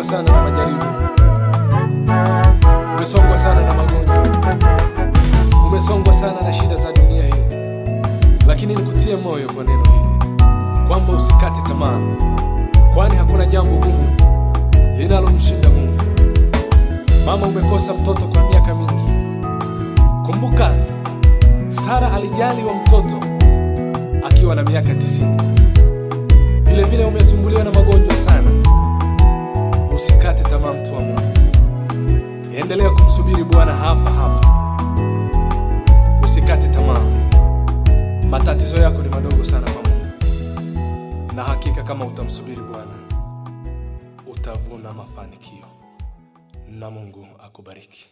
umesongwa sana na majaribu, umesongwa sana na magonjwa, umesongwa sana na shida za dunia hii, lakini nikutie moyo kwa neno hili kwamba usikate tamaa, kwani hakuna jambo gumu linalomshinda Mungu. Mama, umekosa mtoto kwa miaka mingi. Kumbuka Sara alijali wa mtoto akiwa na miaka tisini. Vilevile umesumbuliwa na magonjwa Usikate tamaa, mtu wa Mungu, endelea kumsubiri Bwana hapa hapa, usikate tamaa. Matatizo yako ni madogo sana kwa Mungu, na hakika kama utamsubiri Bwana utavuna mafanikio, na Mungu akubariki.